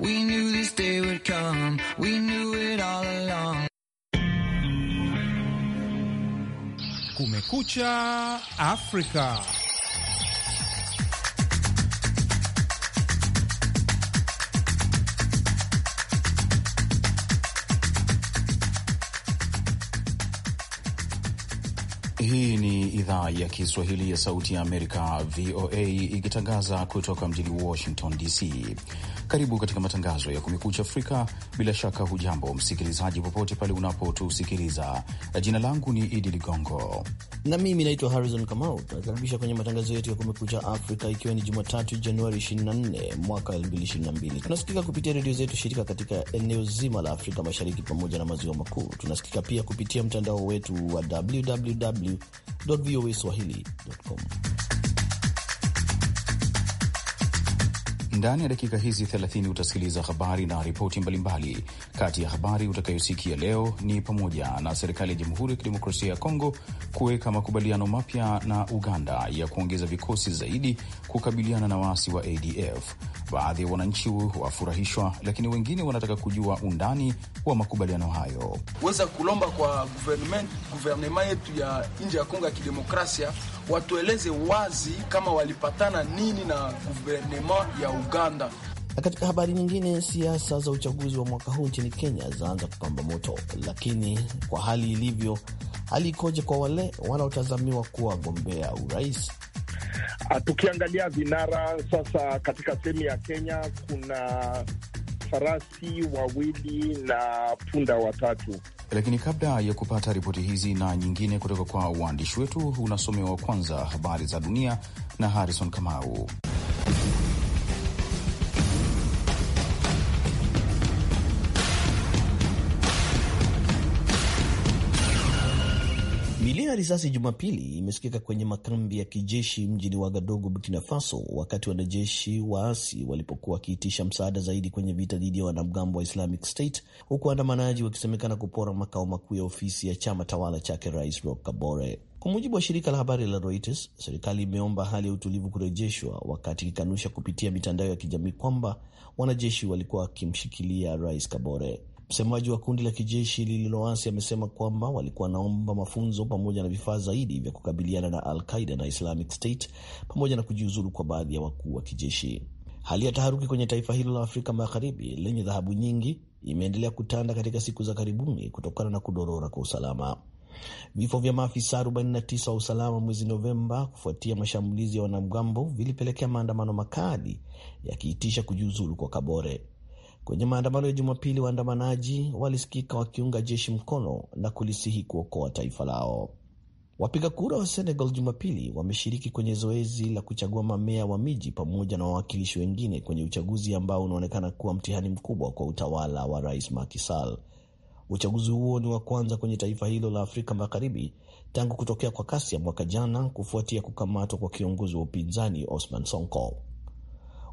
We knew this day would come. We knew it all along. Kumekucha Africa. Hii ni idhaa ya Kiswahili ya Sauti ya Amerika, VOA, ikitangaza kutoka mjini Washington DC. Karibu katika matangazo ya Kumekucha Afrika. Bila shaka, hujambo msikilizaji, popote pale unapotusikiliza. Jina langu ni Idi Ligongo na mimi naitwa Harrison Kamau. Tunakaribisha kwenye matangazo yetu ya Kumekucha Afrika, ikiwa ni Jumatatu Januari 24 mwaka 2022. Tunasikika kupitia redio zetu shirika katika eneo zima la Afrika Mashariki pamoja na maziwa makuu. Tunasikika pia kupitia mtandao wetu wa www voa swahili.com. Ndani ya dakika hizi 30 utasikiliza habari na ripoti mbalimbali. Kati ya habari utakayosikia leo ni pamoja na serikali ya Jamhuri ya Kidemokrasia ya Kongo kuweka makubaliano mapya na Uganda ya kuongeza vikosi zaidi kukabiliana na waasi wa ADF. Baadhi ya wananchi wafurahishwa, lakini wengine wanataka kujua undani wa makubaliano hayo. Weza kulomba kwa guvernema yetu ya nje ya Kongo ya Kidemokrasia watueleze wazi kama walipatana nini na guvernema ya Uganda na katika habari nyingine, siasa za uchaguzi wa mwaka huu nchini Kenya zaanza kupamba moto, lakini kwa hali ilivyo, hali ikoje kwa wale wanaotazamiwa kuwa wagombea urais? Ah, tukiangalia vinara sasa, katika sehemu ya Kenya kuna farasi wawili na punda watatu. Lakini kabla ya kupata ripoti hizi na nyingine kutoka kwa waandishi wetu, unasomewa kwanza habari za dunia na Harrison Kamau. Milio ya risasi Jumapili imesikika kwenye makambi ya kijeshi mjini Wagadogo, Burkina Faso, wakati wanajeshi waasi walipokuwa wakiitisha msaada zaidi kwenye vita dhidi ya wanamgambo wa Islamic State, huku waandamanaji wakisemekana kupora makao makuu ya ofisi ya chama tawala chake Rais Roch Kabore. Kwa mujibu wa shirika la habari la Reuters, serikali imeomba hali ya utulivu kurejeshwa, wakati ikikanusha kupitia mitandao ya kijamii kwamba wanajeshi walikuwa wakimshikilia Rais Kabore. Msemaji wa kundi la kijeshi lililoasi amesema kwamba walikuwa wanaomba mafunzo pamoja na vifaa zaidi vya kukabiliana na Al Qaida na Islamic State pamoja na kujiuzulu kwa baadhi ya wakuu wa kijeshi. Hali ya taharuki kwenye taifa hilo la Afrika Magharibi lenye dhahabu nyingi imeendelea kutanda katika siku za karibuni kutokana na kudorora kwa usalama. Vifo vya maafisa 49 wa usalama mwezi Novemba kufuatia mashambulizi ya wanamgambo vilipelekea maandamano makali yakiitisha kujiuzulu kwa Kabore. Kwenye maandamano ya Jumapili, waandamanaji walisikika wakiunga jeshi mkono na kulisihi kuokoa taifa lao. Wapiga kura wa Senegal Jumapili wameshiriki kwenye zoezi la kuchagua mamea wa miji pamoja na wawakilishi wengine kwenye uchaguzi ambao unaonekana kuwa mtihani mkubwa kwa utawala wa Rais Macky Sall. Uchaguzi huo ni wa kwanza kwenye taifa hilo la Afrika Magharibi tangu kutokea kwa kasi ya mwaka jana kufuatia kukamatwa kwa kiongozi wa upinzani Osman Sonko.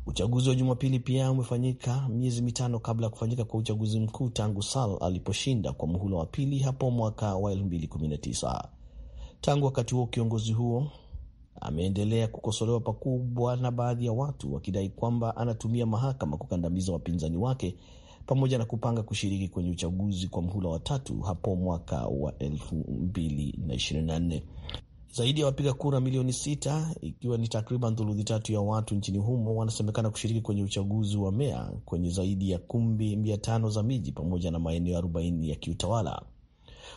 Uchaguzi wa Jumapili pia umefanyika miezi mitano kabla ya kufanyika kwa uchaguzi mkuu tangu sal aliposhinda kwa muhula wa pili hapo mwaka wa 2019. Tangu wakati huo kiongozi huo ameendelea kukosolewa pakubwa na baadhi ya watu wakidai kwamba anatumia mahakama kukandamiza wapinzani wake pamoja na kupanga kushiriki kwenye uchaguzi kwa mhula wa tatu hapo mwaka wa 2024. Zaidi ya wapiga kura milioni sita ikiwa ni takriban thuluthi tatu ya watu nchini humo wanasemekana kushiriki kwenye uchaguzi wa meya kwenye zaidi ya kumbi mia tano za miji pamoja na maeneo arobaini ya kiutawala.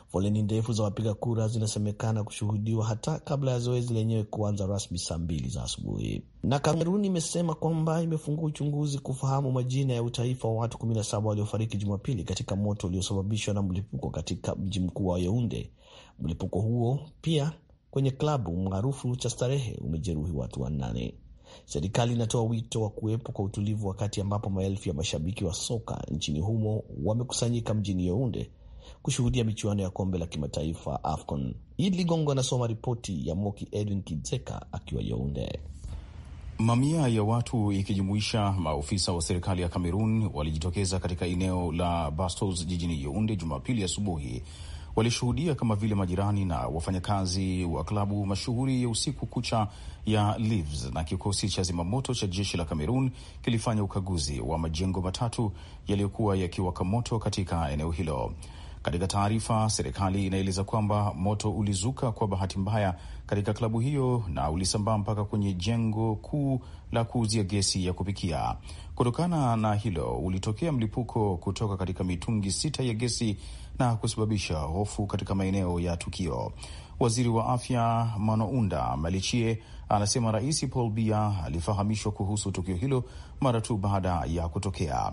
Foleni ndefu za wapiga kura zinasemekana kushuhudiwa hata kabla ya zoezi lenyewe kuanza rasmi saa mbili za asubuhi. Na Kameruni imesema kwamba imefungua uchunguzi kufahamu majina ya utaifa wa watu 17 waliofariki Jumapili katika moto uliosababishwa na mlipuko katika mji mkuu wa Yaunde. Mlipuko huo pia kwenye klabu maarufu cha starehe umejeruhi watu wanane. Serikali inatoa wito wa kuwepo kwa utulivu wakati ambapo maelfu ya mashabiki wa soka nchini humo wamekusanyika mjini Yaounde kushuhudia michuano ya kombe la kimataifa AFCON. Idi Ligongo anasoma ripoti ya Moki Edwin kizeka akiwa Yaounde. Mamia ya watu ikijumuisha maofisa wa serikali ya Kamerun walijitokeza katika eneo la Bastos jijini Yaounde Jumapili asubuhi walishuhudia kama vile majirani na wafanyakazi wa klabu mashuhuri ya usiku kucha ya Leaves na kikosi cha zimamoto cha jeshi la Kamerun kilifanya ukaguzi wa majengo matatu yaliyokuwa yakiwaka moto katika eneo hilo. Katika taarifa, serikali inaeleza kwamba moto ulizuka kwa bahati mbaya katika klabu hiyo na ulisambaa mpaka kwenye jengo kuu la kuuzia gesi ya kupikia. Kutokana na hilo, ulitokea mlipuko kutoka katika mitungi sita ya gesi na kusababisha hofu katika maeneo ya tukio. Waziri wa afya Manounda Malichie anasema Rais Paul Biya alifahamishwa kuhusu tukio hilo mara tu baada ya kutokea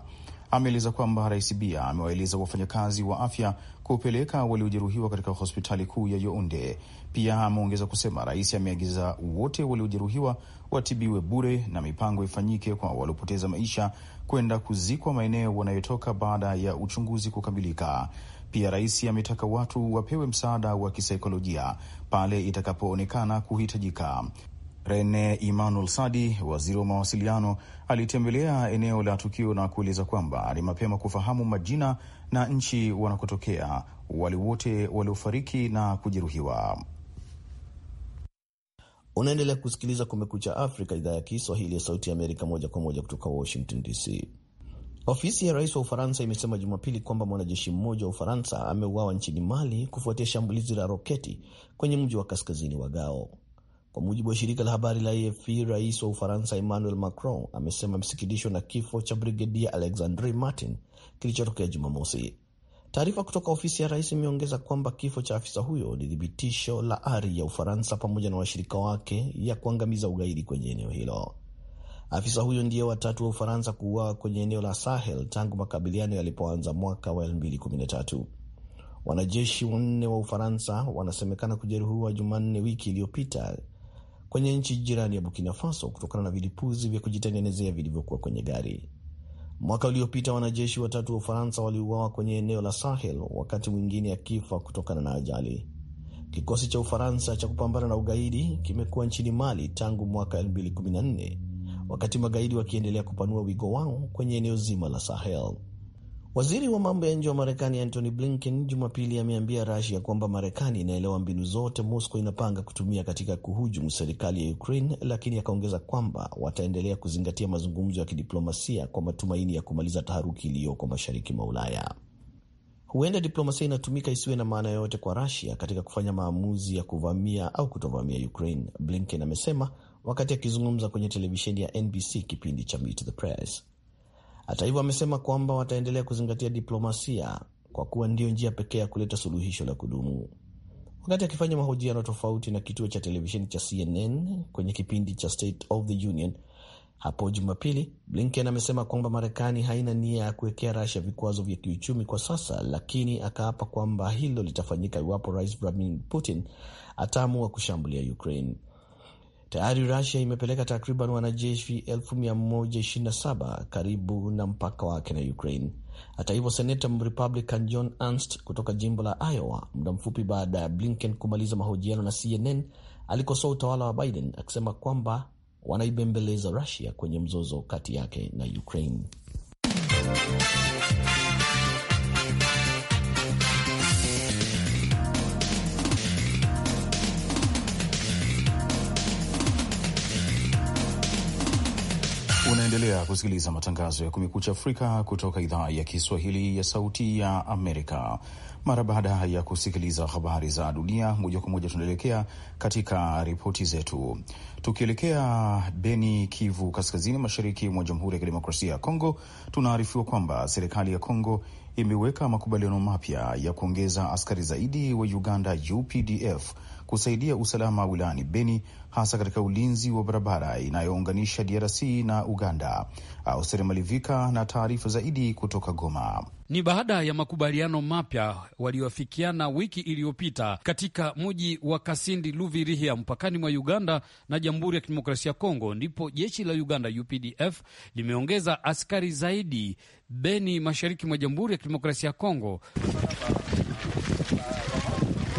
ameeleza kwamba Rais bia amewaeleza wafanyakazi wa afya kupeleka waliojeruhiwa katika hospitali kuu ya Younde. Pia ameongeza kusema rais ameagiza wote waliojeruhiwa watibiwe bure na mipango ifanyike kwa waliopoteza maisha kwenda kuzikwa maeneo wanayotoka baada ya uchunguzi kukamilika. Pia rais ametaka watu wapewe msaada wa kisaikolojia pale itakapoonekana kuhitajika. Rene Emmanuel Sadi, waziri wa mawasiliano, alitembelea eneo la tukio na kueleza kwamba ni mapema kufahamu majina na nchi wanakotokea wale wote waliofariki na kujeruhiwa. Unaendelea kusikiliza Kumekucha Afrika, idhaa ya Kiswahili ya Sauti ya Amerika, moja kwa moja kutoka Washington DC. Ofisi ya rais wa Ufaransa imesema Jumapili kwamba mwanajeshi mmoja wa Ufaransa ameuawa nchini Mali kufuatia shambulizi la roketi kwenye mji wa kaskazini wa Gao. Kwa mujibu wa shirika la habari la AFP, rais wa Ufaransa Emmanuel Macron amesema amesikitishwa na kifo cha Brigedia Alexandre Martin kilichotokea Jumamosi. Taarifa kutoka ofisi ya rais imeongeza kwamba kifo cha afisa huyo ni thibitisho la ari ya Ufaransa pamoja na washirika wake ya kuangamiza ugaidi kwenye eneo hilo. Afisa huyo ndiye watatu wa Ufaransa kuuawa kwenye eneo la Sahel tangu makabiliano yalipoanza mwaka wa 2013. Wanajeshi wanne wa Ufaransa wanasemekana kujeruhiwa Jumanne wiki iliyopita kwenye nchi jirani ya Burkina Faso kutokana na vilipuzi vya kujitengenezea vilivyokuwa kwenye gari. Mwaka uliopita wanajeshi watatu wa Ufaransa waliuawa kwenye eneo la Sahel, wakati mwingine akifa kutokana na ajali. Kikosi cha Ufaransa cha kupambana na ugaidi kimekuwa nchini Mali tangu mwaka 2014 wakati magaidi wakiendelea kupanua wigo wao kwenye eneo zima la Sahel. Waziri wa mambo ya nje wa Marekani Antony Blinken Jumapili ameambia Rusia kwamba Marekani inaelewa mbinu zote Moscow inapanga kutumia katika kuhujumu serikali ya Ukraine, lakini akaongeza kwamba wataendelea kuzingatia mazungumzo ya kidiplomasia kwa matumaini ya kumaliza taharuki iliyoko mashariki mwa Ulaya. Huenda diplomasia inatumika isiwe na maana yoyote kwa Rusia katika kufanya maamuzi ya kuvamia au kutovamia Ukraine, Blinken amesema wakati akizungumza kwenye televisheni ya NBC kipindi cha Meet the Press. Hata hivyo, amesema kwamba wataendelea kuzingatia diplomasia kwa kuwa ndiyo njia pekee ya kuleta suluhisho la kudumu. Wakati akifanya mahojiano tofauti na kituo cha televisheni cha CNN kwenye kipindi cha State of the Union hapo Jumapili, Blinken amesema kwamba Marekani haina nia ya kuwekea rasha vikwazo vya kiuchumi kwa sasa, lakini akaapa kwamba hilo litafanyika iwapo Rais Vladimir Putin ataamua kushambulia Ukraine. Tayari Rusia imepeleka takriban wanajeshi 127 karibu na mpaka wake na Ukraine. Hata hivyo, senata Mrepublican John Ernst kutoka jimbo la Iowa, muda mfupi baada ya Blinken kumaliza mahojiano na CNN, alikosoa utawala wa Biden akisema kwamba wanaibembeleza Rusia kwenye mzozo kati yake na Ukraine. Unaendelea kusikiliza matangazo ya Kumekucha Afrika kutoka idhaa ya Kiswahili ya Sauti ya Amerika. Mara baada ya kusikiliza habari za dunia moja kwa moja, tunaelekea katika ripoti zetu, tukielekea Beni, Kivu Kaskazini, mashariki mwa Jamhuri ya Kidemokrasia ya Kongo. Tunaarifiwa kwamba serikali ya Kongo imeweka makubaliano mapya ya kuongeza askari zaidi wa Uganda, UPDF kusaidia usalama wilayani Beni, hasa katika ulinzi wa barabara inayounganisha DRC na Uganda. Ausere Malivika na taarifa zaidi kutoka Goma. Ni baada ya makubaliano mapya walioafikiana wiki iliyopita katika mji wa Kasindi Luvirihia, mpakani mwa Uganda na Jamhuri ya Kidemokrasia ya Kongo, ndipo jeshi la Uganda UPDF limeongeza askari zaidi Beni, mashariki mwa Jamhuri ya Kidemokrasia ya Kongo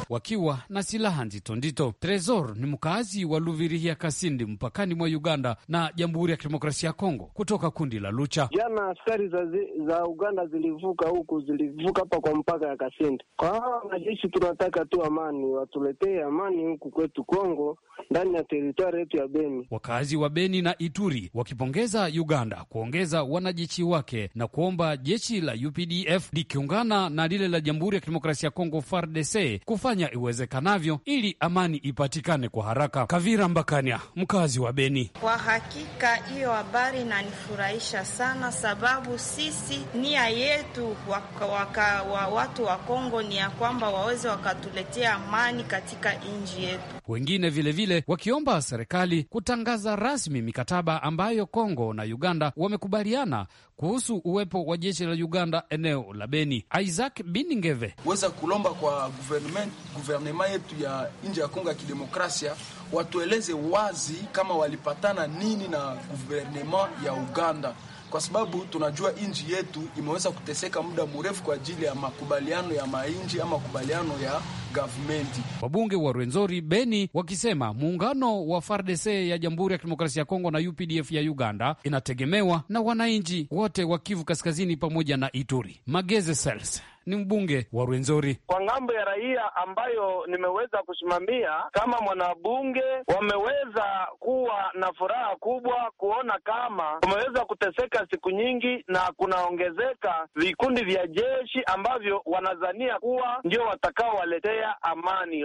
wakiwa na silaha nzito nzito. Tresor ni mkaazi wa Luvirihia Kasindi, mpakani mwa Uganda na Jamhuri ya Kidemokrasia ya Kongo, kutoka kundi la Lucha. Jana askari za, za Uganda zilivuka huku, zilivuka hapa kwa mpaka ya Kasindi. Kwa hawa wanajeshi, tunataka tu amani, watuletee amani huku kwetu Kongo, ndani ya teritwari yetu ya Beni. Wakaazi wa Beni na Ituri wakipongeza Uganda kuongeza wanajeshi wake na kuomba jeshi la UPDF likiungana na lile la Jamhuri ya Kidemokrasia ya Kongo FARDC kufanya kufanya iwezekanavyo ili amani ipatikane kwa haraka. Kavira Mbakanya, mkazi wa Beni. Kwa hakika hiyo habari inanifurahisha sana, sababu sisi nia yetu waka, waka, wa watu wa Kongo ni ya kwamba waweze wakatuletea amani katika nchi yetu. Wengine vilevile vile, wakiomba serikali kutangaza rasmi mikataba ambayo Kongo na Uganda wamekubaliana kuhusu uwepo wa jeshi la Uganda eneo la Beni. Isaac Biningeve weza kulomba kwa government guvernema yetu ya nje ya Kongo ya Kidemokrasia watueleze wazi kama walipatana nini na guvernema ya Uganda, kwa sababu tunajua nchi yetu imeweza kuteseka muda mrefu kwa ajili ya makubaliano ya mainji ama makubaliano ya gavumenti. Wabunge wa Rwenzori Beni wakisema muungano wa FARDC ya Jamhuri ya Kidemokrasia ya Kongo na UPDF ya Uganda inategemewa na wananchi wote wa Kivu Kaskazini pamoja na Ituri. Mageze Sels ni mbunge wa Rwenzori. Kwa ng'ambo ya raia ambayo nimeweza kusimamia kama mwanabunge, wameweza kuwa na furaha kubwa kuona kama wameweza kuteseka siku nyingi, na kunaongezeka vikundi vya jeshi ambavyo wanazania kuwa ndio watakaowaletea amani.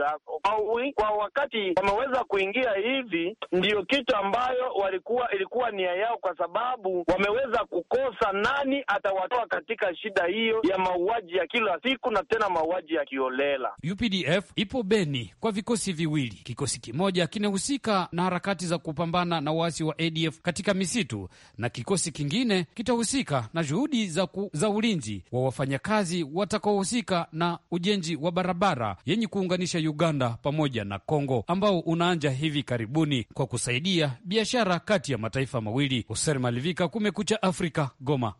Kwa wakati wameweza kuingia hivi, ndiyo kitu ambayo walikuwa ilikuwa nia yao, kwa sababu wameweza kukosa nani atawatoa katika shida hiyo ya mauaji ya kila siku na tena mauaji ya kiolela. UPDF ipo Beni kwa vikosi viwili, kikosi kimoja kinahusika na harakati za kupambana na waasi wa ADF katika misitu na kikosi kingine kitahusika na juhudi za, ku, za ulinzi wa wafanyakazi watakaohusika na ujenzi wa barabara yenye kuunganisha Uganda pamoja na Kongo ambao unaanja hivi karibuni kwa kusaidia biashara kati ya mataifa mawili. Hoser Malivika, Kumekucha Afrika, Goma.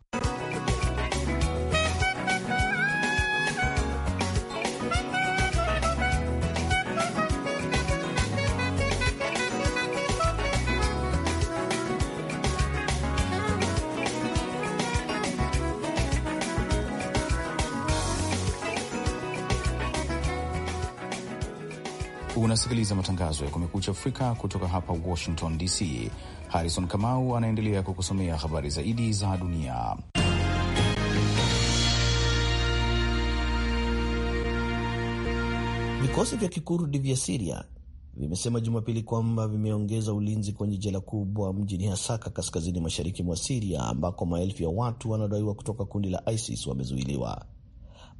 Unasikiliza matangazo ya Kumekucha Afrika kutoka hapa Washington DC. Harrison Kamau anaendelea kukusomea habari zaidi za dunia. Vikosi vya kikurdi vya Siria vimesema Jumapili kwamba vimeongeza ulinzi kwenye jela kubwa mjini Hasaka, kaskazini mashariki mwa Siria, ambako maelfu ya watu wanaodaiwa kutoka kundi la ISIS wamezuiliwa.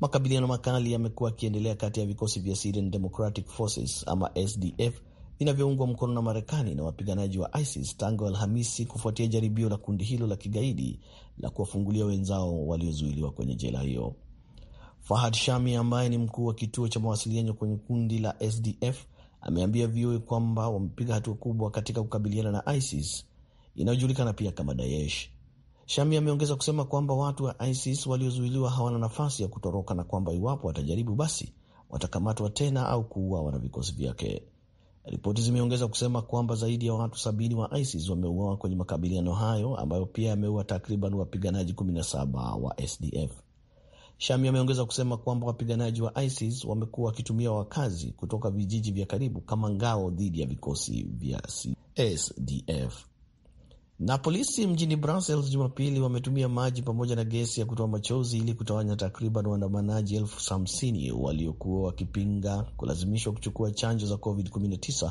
Makabiliano makali yamekuwa yakiendelea kati ya vikosi vya Syrian Democratic Forces ama SDF vinavyoungwa mkono na Marekani na wapiganaji wa ISIS tangu Alhamisi kufuatia jaribio la kundi hilo la kigaidi la kuwafungulia wenzao waliozuiliwa kwenye jela hiyo. Fahad Shami ambaye ni mkuu wa kituo cha mawasiliano kwenye kundi la SDF ameambia VOA kwamba wamepiga hatua kubwa katika kukabiliana na ISIS inayojulikana pia kama Daesh. Shami ameongeza kusema kwamba watu wa ISIS waliozuiliwa hawana nafasi ya kutoroka na kwamba iwapo watajaribu, basi watakamatwa tena au kuuawa na vikosi vyake. Ripoti zimeongeza kusema kwamba zaidi ya watu sabini wa ISIS wameuawa kwenye makabiliano hayo ambayo pia yameua takriban wapiganaji 17 wa SDF. Shami ameongeza kusema kwamba wapiganaji wa ISIS wamekuwa wakitumia wakazi kutoka vijiji vya karibu kama ngao dhidi ya vikosi vya SDF. Na polisi mjini Brussels Jumapili wametumia maji pamoja na gesi ya kutoa machozi ili kutawanya takriban waandamanaji elfu hamsini waliokuwa wakipinga kulazimishwa kuchukua chanjo za COVID-19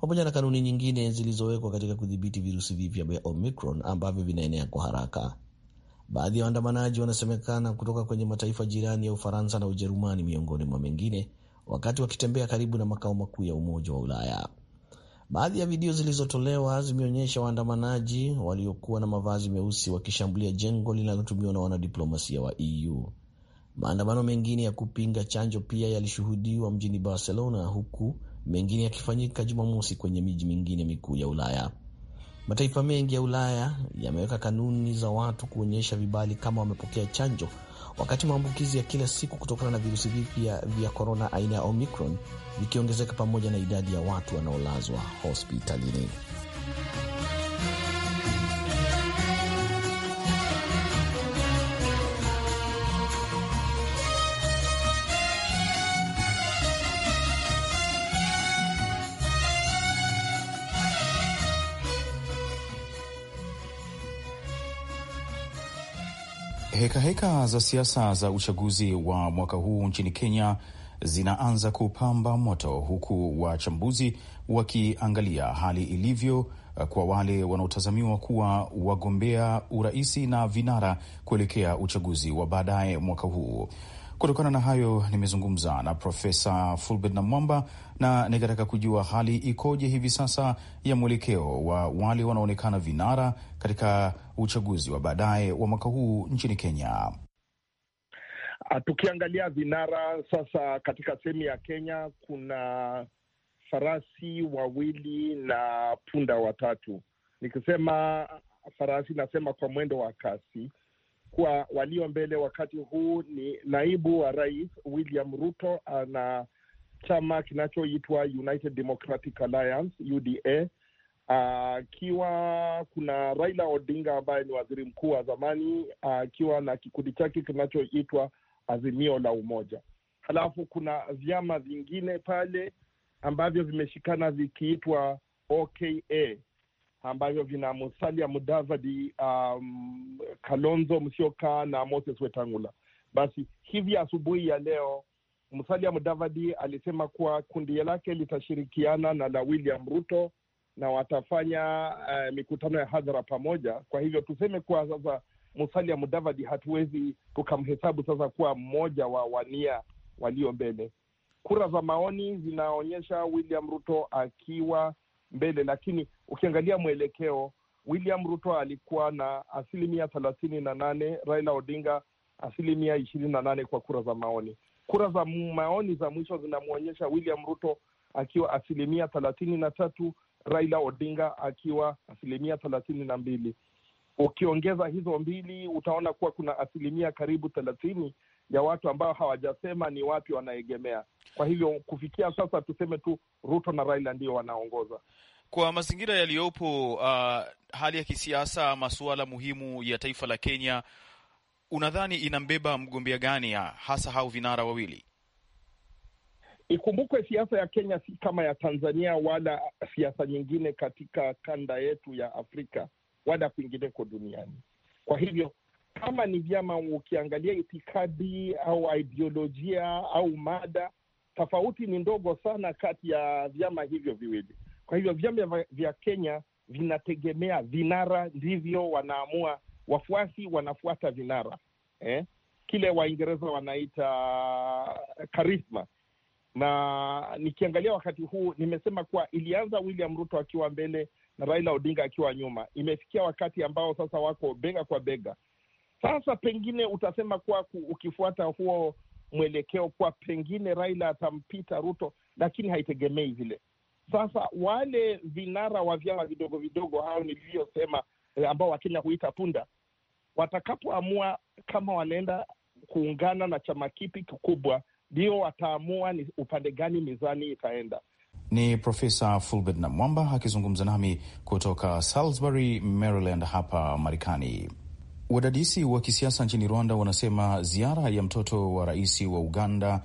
pamoja na kanuni nyingine zilizowekwa katika kudhibiti virusi vipya vya Omicron ambavyo vinaenea kwa haraka. Baadhi ya waandamanaji wanasemekana kutoka kwenye mataifa jirani ya Ufaransa na Ujerumani miongoni mwa mengine, wakati wakitembea karibu na makao makuu ya Umoja wa Ulaya. Baadhi ya video zilizotolewa zimeonyesha waandamanaji waliokuwa na mavazi meusi wakishambulia jengo linalotumiwa na wanadiplomasia wa EU. Maandamano mengine ya kupinga chanjo pia yalishuhudiwa mjini Barcelona, huku mengine yakifanyika Jumamosi kwenye miji mingine mikuu ya Ulaya. Mataifa mengi ya Ulaya yameweka kanuni za watu kuonyesha vibali kama wamepokea chanjo wakati maambukizi ya kila siku kutokana na virusi vipya vya korona aina ya Omicron vikiongezeka pamoja na idadi ya watu wanaolazwa hospitalini. Hekaheka heka za siasa za uchaguzi wa mwaka huu nchini Kenya zinaanza kupamba moto, huku wachambuzi wakiangalia hali ilivyo eh, kwa wale wanaotazamiwa kuwa wagombea uraisi na vinara kuelekea uchaguzi wa baadaye mwaka huu. Kutokana na hayo, nimezungumza na Profesa Fulbert Namwamba na nikataka kujua hali ikoje hivi sasa ya mwelekeo wa wale wanaonekana vinara katika uchaguzi wa baadaye wa mwaka huu nchini Kenya. Ah, tukiangalia vinara sasa, katika sehemu ya Kenya kuna farasi wawili na punda watatu. Nikisema farasi, nasema kwa mwendo wa kasi, kwa walio mbele wakati huu ni naibu wa rais William Ruto na chama kinachoitwa United Democratic Alliance UDA, akiwa uh, kuna Raila Odinga ambaye ni waziri mkuu wa zamani, akiwa uh, na kikundi chake kinachoitwa Azimio la Umoja. Halafu kuna vyama vingine pale ambavyo vimeshikana vikiitwa OKA ambavyo vina Musalia Mudavadi, um, Kalonzo Musyoka na Moses Wetangula. Basi hivi asubuhi ya leo Musalia Mudavadi alisema kuwa kundi lake litashirikiana na la William Ruto na watafanya uh, mikutano ya hadhara pamoja. Kwa hivyo tuseme kuwa sasa Musalia Mudavadi hatuwezi tukamhesabu sasa kuwa mmoja wa wania walio mbele. Kura za maoni zinaonyesha William Ruto akiwa mbele, lakini ukiangalia mwelekeo, William Ruto alikuwa na asilimia thelathini na nane, Raila Odinga asilimia ishirini na nane kwa kura za maoni. Kura za maoni za mwisho zinamwonyesha William Ruto akiwa asilimia thelathini na tatu, Raila Odinga akiwa asilimia thelathini na mbili. Ukiongeza hizo mbili utaona kuwa kuna asilimia karibu thelathini ya watu ambao hawajasema ni wapi wanaegemea. Kwa hivyo kufikia sasa tuseme tu Ruto na Raila ndio wanaongoza kwa mazingira yaliyopo. Uh, hali ya kisiasa, masuala muhimu ya taifa la Kenya, unadhani inambeba mgombea gani uh, hasa hao vinara wawili? Ikumbukwe siasa ya Kenya si kama ya Tanzania wala siasa nyingine katika kanda yetu ya Afrika wala kwingineko duniani. Kwa hivyo kama ni vyama, ukiangalia itikadi au ideolojia au mada, tofauti ni ndogo sana kati ya vyama hivyo viwili. Kwa hivyo vyama vya Kenya vinategemea vinara, ndivyo wanaamua wafuasi wanafuata vinara eh? Kile Waingereza wanaita karisma. Na nikiangalia wakati huu, nimesema kuwa ilianza William Ruto akiwa mbele na Raila Odinga akiwa nyuma. Imefikia wakati ambao sasa wako bega kwa bega. Sasa pengine utasema kuwa ukifuata huo mwelekeo kuwa pengine Raila atampita Ruto, lakini haitegemei vile. Sasa wale vinara wa vyama vidogo vidogo hao niliyosema, eh, ambao Wakenya huita punda, watakapoamua kama wanaenda kuungana na chama kipi kikubwa, ndio wataamua ni upande gani mizani itaenda. Ni Profesa Fulbert Namwamba akizungumza nami kutoka Salisbury, Maryland hapa Marekani. Wadadisi wa kisiasa nchini Rwanda wanasema ziara ya mtoto wa rais wa Uganda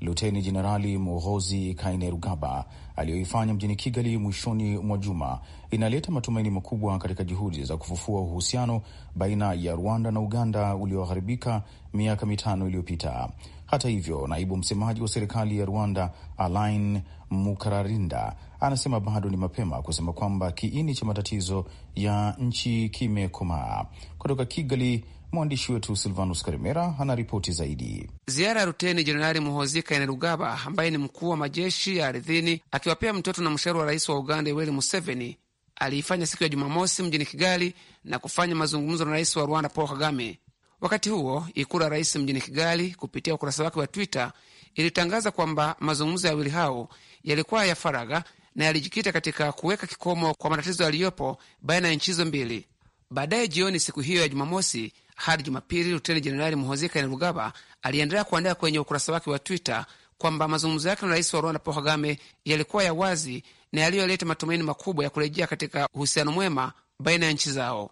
Luteni Jenerali Muhozi Kainerugaba aliyoifanya mjini Kigali mwishoni mwa juma inaleta matumaini makubwa katika juhudi za kufufua uhusiano baina ya Rwanda na Uganda ulioharibika miaka mitano iliyopita. Hata hivyo, naibu msemaji wa serikali ya Rwanda Alain Mukararinda anasema bado ni mapema kusema kwamba kiini cha matatizo ya nchi kimekomaa. Kutoka Kigali, Mwandishi wetu Silvanus Karimera anaripoti zaidi. Ziara ya ruteni Jenerali Muhozi Kainerugaba, ambaye ni mkuu wa majeshi ya ardhini, akiwa pia mtoto na mshauri wa rais wa Uganda Yoweri Museveni, aliifanya siku ya Jumamosi mjini Kigali na kufanya mazungumzo na rais wa Rwanda Paul Kagame. Wakati huo ikulu ya rais mjini Kigali kupitia ukurasa wake wa Twitter ilitangaza kwamba mazungumzo ya wawili hao yalikuwa ya faragha na yalijikita katika kuweka kikomo kwa matatizo yaliyopo baina ya nchi hizo mbili. Baadaye jioni siku hiyo ya Jumamosi, hadi Jumapili, Luteni Jenerali Muhozi Kainerugaba aliendelea kuandika kwenye ukurasa wake wa Twitter kwamba mazungumzo yake na rais wa Rwanda Paul Kagame yalikuwa ya wazi na yaliyoleta matumaini makubwa ya kurejea katika uhusiano mwema baina ya nchi zao.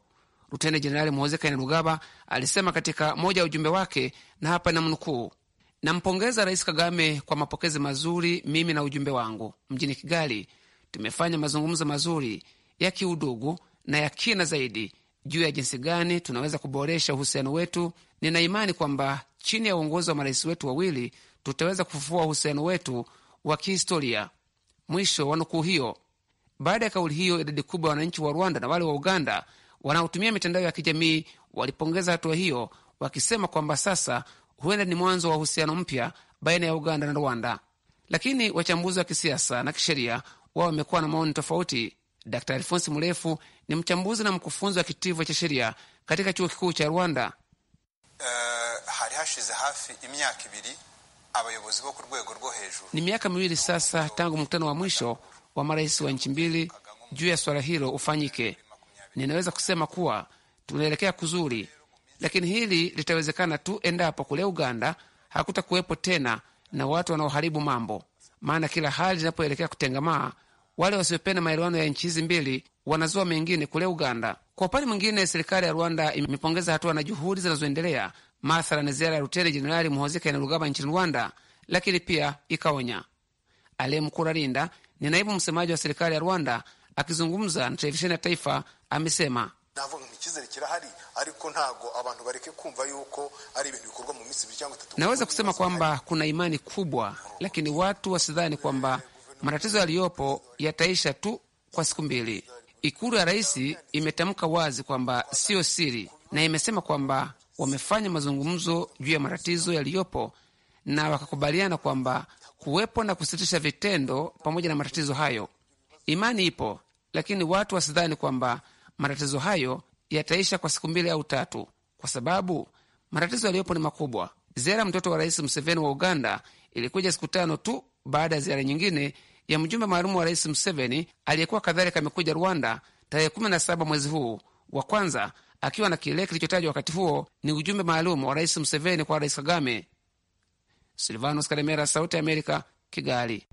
Luteni Jenerali Muhozi Kainerugaba alisema katika moja ya ujumbe wake, na hapa namnukuu: nampongeza Rais Kagame kwa mapokezi mazuri. Mimi na ujumbe wangu mjini Kigali tumefanya mazungumzo mazuri ya kiudugu na ya kina zaidi juu ya jinsi gani tunaweza kuboresha uhusiano wetu. Nina imani kwamba chini ya uongozi wa marais wetu wawili tutaweza kufufua uhusiano wetu wa kihistoria. Mwisho wa nukuu hiyo. Baada ya kauli hiyo, idadi kubwa ya wananchi wa Rwanda na wale wa Uganda wanaotumia mitandao ya kijamii walipongeza hatua hiyo, wakisema kwamba sasa huenda ni mwanzo wa uhusiano mpya baina ya Uganda na Rwanda. Lakini wachambuzi wa kisiasa na kisheria wao wamekuwa na maoni tofauti dr Alfonsi Mrefu ni mchambuzi na mkufunzi wa kitivo cha sheria katika chuo kikuu cha Rwanda. Eh, ni miaka miwili sasa tangu mkutano wa mwisho wa marais wa nchi mbili juu ya swala hilo ufanyike. Ninaweza kusema kuwa tunaelekea kuzuri, lakini hili litawezekana tu endapo kule Uganda hakutakuwepo tena na watu wanaoharibu mambo, maana kila hali linapoelekea kutengamaa wale wasiopenda maelewano ya nchi hizi mbili wanazua mengine kule Uganda. Kwa upande mwingine, serikali ya Rwanda imepongeza hatua na juhudi zinazoendelea, na ziara ya Luteni Jenerali Muhoozi Kainerugaba nchini Rwanda, lakini pia ikaonya. Alem Kuralinda ni naibu msemaji wa serikali ya Rwanda, akizungumza na televisheni ya taifa amesema naweza kusema kwamba kuna imani kubwa, lakini watu wasidhani kwamba matatizo yaliyopo yataisha tu kwa siku mbili. Ikulu ya rais imetamka wazi kwamba siyo siri, na imesema kwamba wamefanya mazungumzo juu ya matatizo yaliyopo na wakakubaliana kwamba kuwepo na kusitisha vitendo pamoja na matatizo hayo. Imani ipo, lakini watu wasidhani kwamba matatizo hayo yataisha kwa siku mbili au tatu, kwa sababu matatizo yaliyopo ni makubwa. Ziara mtoto wa rais Museveni wa Uganda ilikuja siku tano tu baada ya ziara nyingine ya mjumbe maalumu wa rais Museveni aliyekuwa kadhalika amekuja Rwanda tarehe na saba mwezi huu wa kwanza, akiwa na kile kilichotajwa wakati huo ni ujumbe maalum wa rais Museveni kwa rais Kagame. Silvanus Karemera, Sauti ya Amerika, Kigali.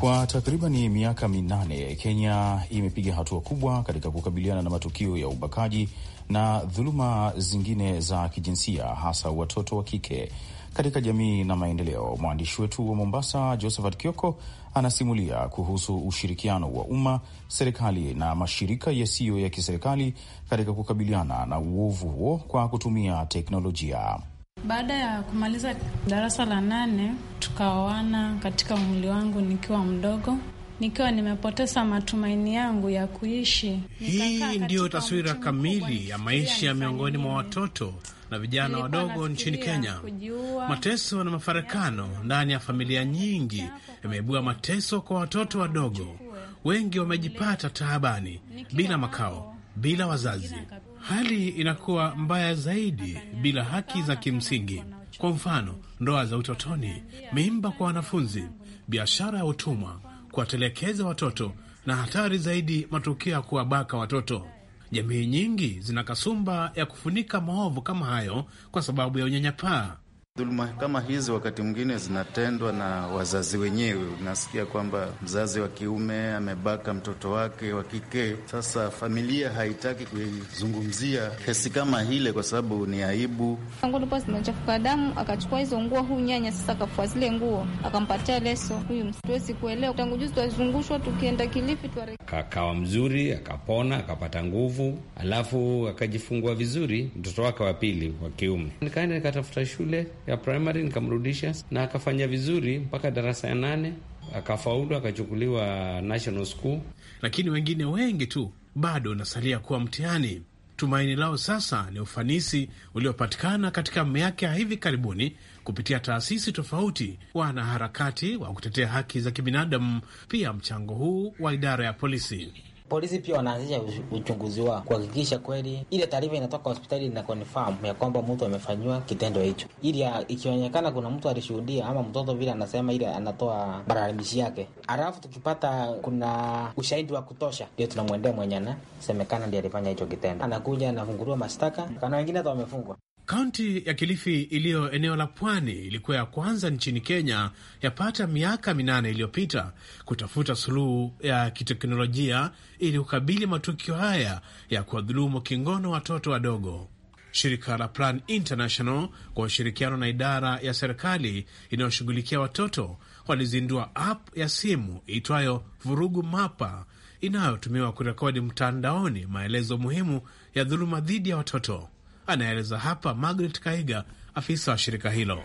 Kwa takribani miaka minane Kenya imepiga hatua kubwa katika kukabiliana na matukio ya ubakaji na dhuluma zingine za kijinsia, hasa watoto wa kike katika jamii na maendeleo. Mwandishi wetu wa Mombasa, Josephat Kioko, anasimulia kuhusu ushirikiano wa umma, serikali na mashirika yasiyo ya kiserikali katika kukabiliana na uovu huo kwa kutumia teknolojia. Baada ya kumaliza darasa la nane, tukaoana katika umri wangu nikiwa mdogo, nikiwa nimepoteza matumaini yangu ya kuishi. Hii ndiyo taswira kamili ya maisha ya miongoni mwa watoto na vijana wadogo nchini Kenya. Kujua, mateso na mafarakano ndani ya familia nyingi yameibua mateso kwa watoto wadogo. Wengi wamejipata taabani, bila makao, bila wazazi, hali inakuwa mbaya zaidi bila haki za kimsingi. Kwa mfano, ndoa za utotoni, mimba kwa wanafunzi, biashara ya utumwa, kuwatelekeza watoto na hatari zaidi, matukio ya kuwabaka watoto. Jamii nyingi zina kasumba ya kufunika maovu kama hayo kwa sababu ya unyanyapaa Dhuluma kama hizi wakati mwingine zinatendwa na wazazi wenyewe. Unasikia kwamba mzazi wa kiume amebaka mtoto wake wa kike. Sasa familia haitaki kuizungumzia kesi kama hile kwa sababu ni aibu. Nguo ndipo zinachafuka damu, akachukua hizo nguo huu nyanya, sasa akafua zile nguo akampatia leso huyu msituwezi kuelewa. Tangu juzi twazungushwa tukienda Kilifi tuare... kakawa mzuri akapona akapata nguvu, alafu akajifungua vizuri mtoto wake wa pili wa kiume. Nikaenda nikatafuta shule ya primary nikamrudisha, na akafanya vizuri mpaka darasa ya nane akafaulu, akachukuliwa national school. Lakini wengine wengi tu bado unasalia kuwa mtihani. Tumaini lao sasa ni ufanisi uliopatikana katika miaka ya hivi karibuni kupitia taasisi tofauti, wanaharakati wa kutetea haki za kibinadamu, pia mchango huu wa idara ya polisi. Polisi pia wanaanzisha uchunguzi wao kuhakikisha kweli ile taarifa inatoka hospitali ina confirm ya kwamba mtu amefanyiwa kitendo hicho, ili ikionekana kuna mtu alishuhudia ama mtoto vile anasema, ile anatoa malalamishi yake, alafu tukipata kuna ushahidi wa kutosha, ndio tunamwendea mwenye anasemekana ndiye alifanya hicho kitendo, anakuja anafunguliwa mashtaka, kana wengine hata wamefungwa. Kaunti ya Kilifi iliyo eneo la pwani ilikuwa ya kwanza nchini Kenya yapata miaka minane iliyopita kutafuta suluhu ya kiteknolojia ili kukabili matukio haya ya kuwadhulumu kingono watoto wadogo. Shirika la Plan International kwa ushirikiano na idara ya serikali inayoshughulikia watoto walizindua app ya simu iitwayo Vurugu Mapa inayotumiwa kurekodi mtandaoni maelezo muhimu ya dhuluma dhidi ya watoto anaeleza hapa Margaret Kaiga, afisa wa shirika hilo.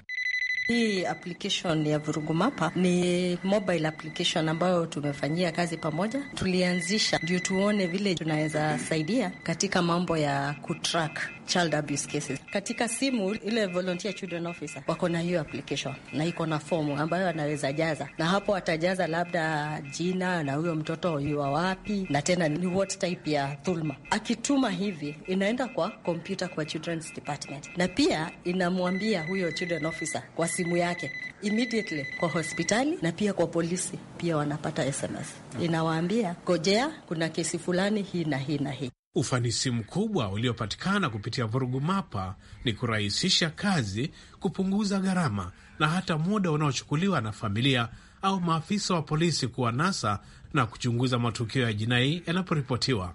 Hii application ya Vurugu Mapa ni mobile application ambayo tumefanyia kazi pamoja. Tulianzisha ndio tuone vile tunaweza saidia katika mambo ya kutrack child abuse cases. Katika simu ile volunteer children officer wako na hiyo application na iko na fomu ambayo anaweza jaza, na hapo atajaza labda jina na huyo mtoto yuwa wapi na tena ni what type ya thulma Akituma hivi inaenda kwa kompyuta kwa children's department, na pia inamwambia huyo children officer kwa simu yake immediately kwa hospitali na pia kwa polisi, pia wanapata SMS inawaambia, gojea kuna kesi fulani hii na hii na hii. Ufanisi mkubwa uliopatikana kupitia vurugu mapa ni kurahisisha kazi, kupunguza gharama na hata muda unaochukuliwa na familia au maafisa wa polisi kuwanasa na kuchunguza matukio ya jinai yanaporipotiwa.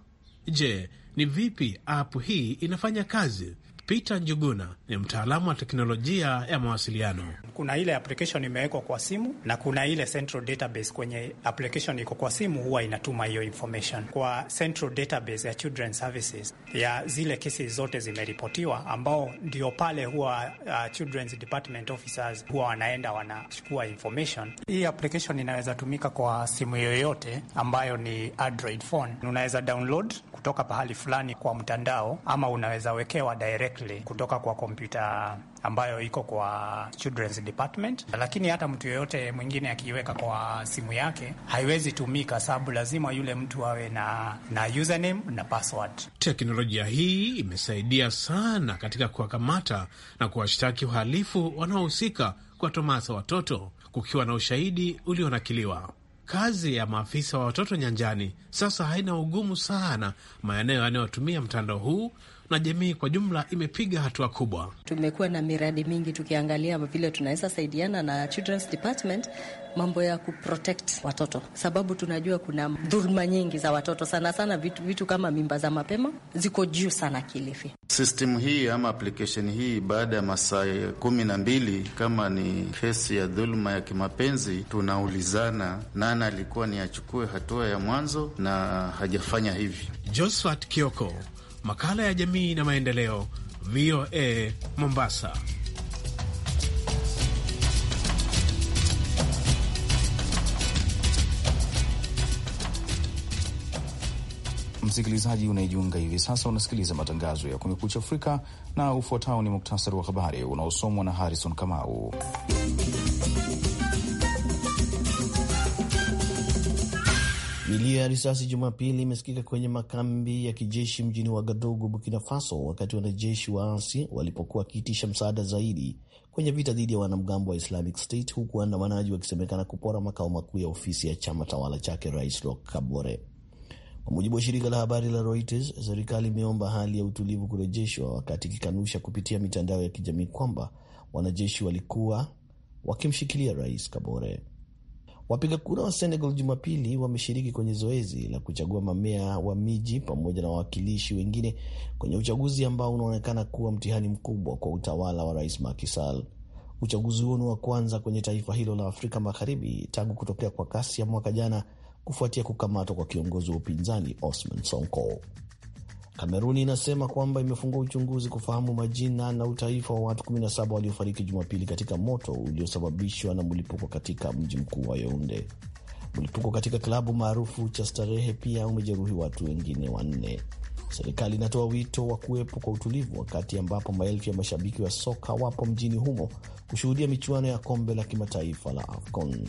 Je, ni vipi app hii inafanya kazi? Peter Njuguna ni mtaalamu wa teknolojia ya mawasiliano. Kuna ile application imewekwa kwa simu na kuna ile central database. Kwenye application iko kwa simu, huwa inatuma hiyo information kwa central database ya Children Services ya zile kesi zote zimeripotiwa, ambao ndio pale huwa uh, Children's Department officers huwa wanaenda wanachukua information. Hii application inaweza tumika kwa simu yoyote ambayo ni Android phone. Unaweza download kutoka pahali fulani kwa mtandao, ama unaweza wekewa direct directly kutoka kwa kompyuta ambayo iko kwa children's department, lakini hata mtu yeyote mwingine akiiweka kwa simu yake haiwezi tumika, sababu lazima yule mtu awe na, na username na password. Teknolojia hii imesaidia sana katika kuwakamata na kuwashtaki uhalifu wanaohusika kwa tomasa watoto kukiwa na ushahidi ulionakiliwa. Kazi ya maafisa wa watoto nyanjani sasa haina ugumu sana maeneo yanayotumia mtandao huu na jamii kwa jumla imepiga hatua kubwa. Tumekuwa na miradi mingi tukiangalia vile tunaweza saidiana na Children's Department mambo ya kuprotect watoto, sababu tunajua kuna dhuluma nyingi za watoto, sana sana vitu, vitu kama mimba za mapema ziko juu sana Kilifi. System hii ama application hii, baada ya masaa kumi na mbili kama ni kesi ya dhuluma ya kimapenzi, tunaulizana nani alikuwa ni achukue hatua ya mwanzo na hajafanya hivi. Josephat Kioko makala ya jamii na maendeleo, VOA Mombasa. Msikilizaji unayejiunga hivi sasa, unasikiliza matangazo ya Kumekucha Afrika, na ufuatao ni muktasari wa habari unaosomwa na Harrison Kamau. Milio ya risasi Jumapili imesikika kwenye makambi ya kijeshi mjini wagadogo Burkina Faso, wakati wanajeshi waasi walipokuwa wakiitisha msaada zaidi kwenye vita dhidi ya wanamgambo wa Islamic State, huku waandamanaji wakisemekana kupora makao makuu ya ofisi ya chama tawala chake Rais Roch Kabore. Kwa mujibu wa shirika la habari la Reuters, serikali imeomba hali ya utulivu kurejeshwa, wakati ikikanusha kupitia mitandao ya kijamii kwamba wanajeshi walikuwa wakimshikilia Rais Kabore. Wapiga kura wa Senegal Jumapili wameshiriki kwenye zoezi la kuchagua mamea wa miji pamoja na wawakilishi wengine kwenye uchaguzi ambao unaonekana kuwa mtihani mkubwa kwa utawala wa Rais Macky Sall. Uchaguzi huo ni wa kwanza kwenye taifa hilo la Afrika Magharibi tangu kutokea kwa kasi ya mwaka jana kufuatia kukamatwa kwa kiongozi wa upinzani Osman Sonko. Kameruni inasema kwamba imefungua uchunguzi kufahamu majina na utaifa wa watu 17 waliofariki Jumapili katika moto uliosababishwa na mlipuko katika mji mkuu wa Yaunde. Mlipuko katika klabu maarufu cha starehe pia umejeruhi watu wengine wanne. Serikali inatoa wito wa kuwepo kwa utulivu wakati ambapo maelfu ya mashabiki wa soka wapo mjini humo kushuhudia michuano ya kombe la kimataifa la AFCON.